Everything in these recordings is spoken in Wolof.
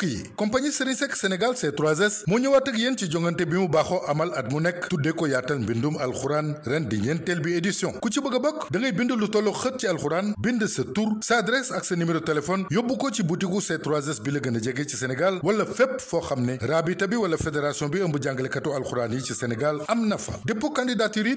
mbokk yi compagnie Sénégal c 3 moo ñëwaat ak yéen ci jongante bi mu baaxoo amal at mu nekk tuddee ko yaatal mbindum alxuraan ren di ñeenteel bi édition ku ci bëgg a bokk da ngay bind lu tollu xët ci alxuraan bind sa tur sa adresse ak sa numéro téléphone yóbbu ko ci butiku c 3 bi la gën a jege ci Sénégal wala fépp foo xam ne raabita bi wala fédération bi ëmb jàngalekatu alxuraan yi ci Sénégal am na fa dépôt candidature yi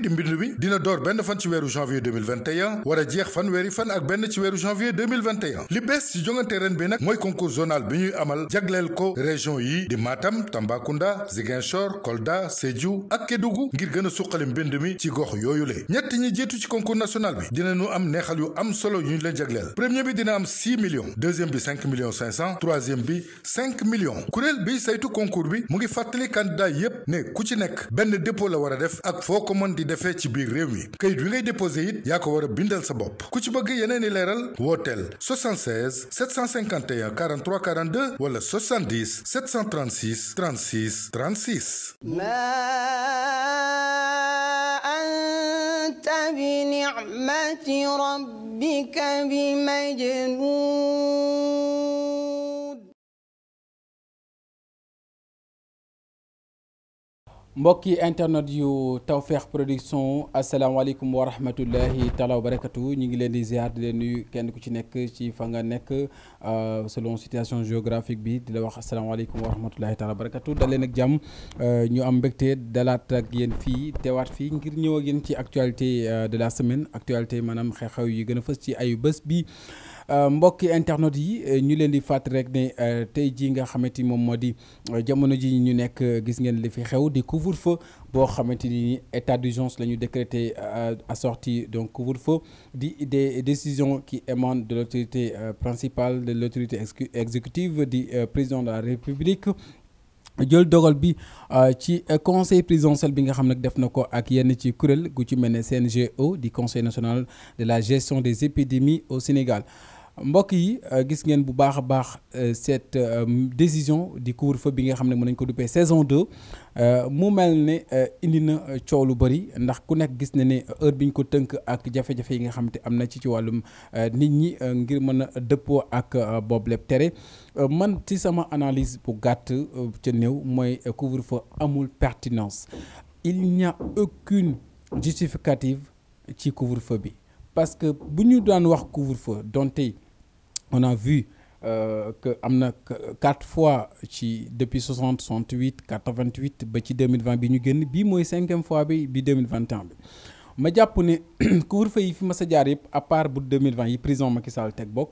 di jagleel ko région yi di maatam Tambacounda Ziguinchor Kolda Sédhiou ak Kédougou ngir gën a suqali mbind mi ci gox yooyu le ñett ñi jeetu ci concours national bi dinañu am neexal yu am solo yu ñu leen jagleel premier bi dina am 6 millions deuxième bi 5 millions 500 troisième bi 5 millions kuréel bi saytu concours bi mu ngi fàttali candidat yépp ne ku ci nekk benn dépo la war a def ak foo ko mën di defee ci biir réew mi kayit wi ngay déposé it yaa ko war a bindal sa bopp ku ci bëgg yeneen i leeral wooteel 76 751 43 42 wala 70 736 36 36. bi ni'mati rabbika bi majnun mbokki internet yu Tawfekh Production asalaamaaleykum wa rahmatullahi taala wa barakatu ñu ngi leen di ziar di leen nuyu kenn ku ci nekk ci fa nga nekk euh, selon situation géographique bi di la wax asalaamaaleykum wa rahmatullahi taala wa barakatu da leen ak jàmm euh, ñu am mbégte dalaat ak yéen fii teewaat fii ngir ñëw ak yéen ci actualité euh, de la semaine actualité maanaam xew-xew yi gën a fës ci ayu bés bi Euh, mbokki internet yi euh, ñu leen di fàtt rek ne euh, tey jii nga xamante ni moom moo di jamono ji ñu nekk gis ngeen li fi xew di couvre-feu boo xamante ni état d'urgence la ñu décrété assorti donc couvre-feu di des décisions qui émanent de l'autorité principale de l'autorité exécutive du président de la République jël dogal bi ci conseil présidentiel bi nga xam nag def na ko ak yenn ci kuréel gu ci mel ne CNGO e di conseil national de la gestion des épidémies au Sénégal mbokk yi euh, gis ngeen bu baax a baax euh, cette euh, décision di couvre-feu bi nga xam ne mën nañ ko duppee saison 2 mu mel ne indi na coow lu bëri ndax ku nekk gis na ne heure bi ñu ko tënk ak jafe-jafe yi nga xam te am na ci ci wàllum nit ñi ngir mën a dëppoo ak boobu tere man ci sama analyse bu gàtt ca néew mooy couvre-feu amul pertinence il n'y aucune justificative ci couvre-feu bi parce que bu ñu daan wax couvre-feu donte on a vu euh, am na quatre fois ci depuis 60 68 88 ba ci 2020 bi ñu génn bii mooy cinquième fois bi bi 2021 bi ma jàpp ne couvre-feu yi fi ma sa jaar yëpp à part bu 2020 yi président Macky Sall teg bokk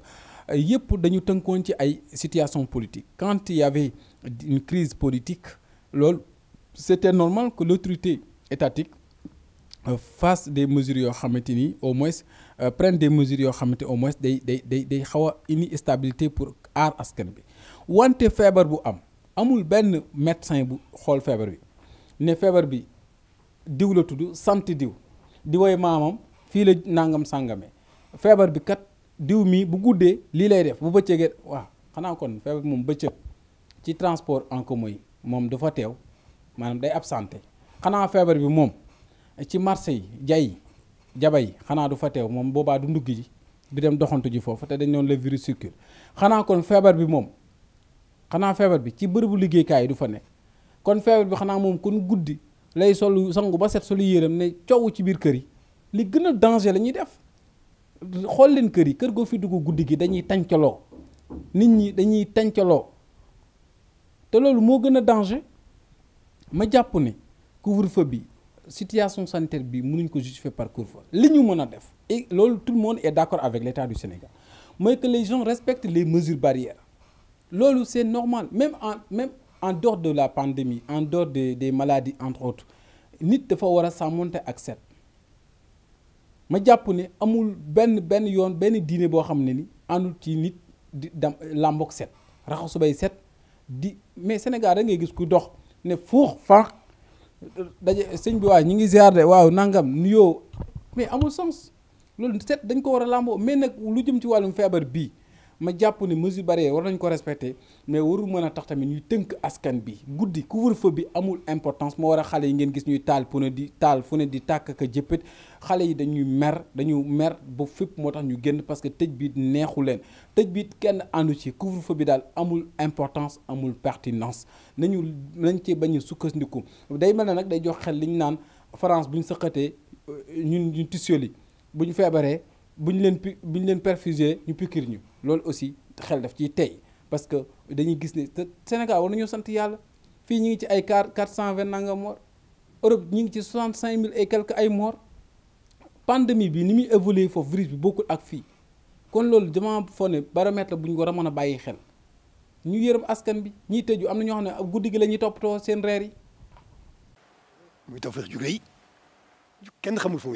euh, yëpp dañu tënkoon ci ay situation politique quand il y avait une crise politique loolu c'était normal que l'autorité étatique Euh, face des mesures yoo xamante ni au moins euh, prennent des mesures yoo xamante au moins day day day day xaw a indi stabilité pour aar askan bi wante feebar bu am amul benn médecin bu xool feebar bi ne feebar bi diw la tudd sant diw di woy maamam fii la nangam sàngame feebar bi kat diw mii bu guddee lii lay def bu bëccëgee waa xanaa kon feebar bi moom bëccëg ci transport en commun yi moom dafa teew maanaam day ab santé xanaa feebar bi moom ci marché yi jay jabay xanaa du fa teew moom boobaa du ndugg ji du dem doxantu ji foofu te dañ doon le virus circule xanaa kon feebar bi moom xanaa feebar bi ci bërëbu liggéeykaay yi du fa nekk kon feebar bi xanaa moom kon guddi lay solu sangu ba set solu yéeram ne coow ci biir kër yi li gën a danger la ñuy def xool leen kër yi kër goo fi dugg guddi gi dañuy tàncaloo nit ñi dañuy tàncaloo te loolu moo gën a danger ma jàpp ne couvre-feu bi situation sanitaire bi mënuñ ko justifier par couvre-feu li ñu mën a def et loolu tout le monde est d'accord avec l'état du Sénégal mooy que les gens respectent les mesures barrières loolu c'est normal même en même en dehors de la pandémie en dehors des des maladies entre autres nit dafa war a sàmmonte ak set ma jàpp ne amul benn benn yoon benn diine boo xam ne ni àndul ci nit di dam làmbook set raxasu bay set di mais Sénégal da ngay gis ku dox ne fuux fànq daje sëñ bi waaw ñi ngi ziar de waaw nangam nuyoo mais amul sens loolu set dañ ko war a làmboo mais nag lu jëm ci wàllum feebar bii ma jàpp ne mesure barrière war nañ ko respecter mais warul mën a tax tamit ñu tënk askan bi guddi couvre-feu bi amul importance moo war a xale yi ngeen gis ñuy taal fu ne di taal fu ne di tàkk ka jëppit xale yi dañuy mer dañu mer ba fépp moo tax ñu génn parce que tëj bi neexu leen tëj bi kenn àndu ci couvre-feu bi daal amul importance amul pertinence nañu nañ ci bañ a sukkandiku day mel ne nag day jox xel li ñu naan France bu ñu sëqatee euh, ñun ñu tissu bu ñu feebaree. bu ñu leen pi bu ñu leen perfusé ñu piqûre ñu loolu aussi xel daf ci tey parce que dañuy gis ni te Sénégal war nañoo sant yàlla fii ñu ngi ci ay quatre quatre cent vingt nangam mort Europe ñu ngi ci soixante cinq mille et quelques ay mort pandémie bi ni muy évolué foofu virus bi bokkul ak fii kon loolu dama foo ne baromètre la bu ñu war a mën a bàyyi xel ñu yërëm askan bi ñiy tëju am na ñoo xam ne guddi gi la ñuy toppatoo seen reer yi. muy kenn xamul fu mu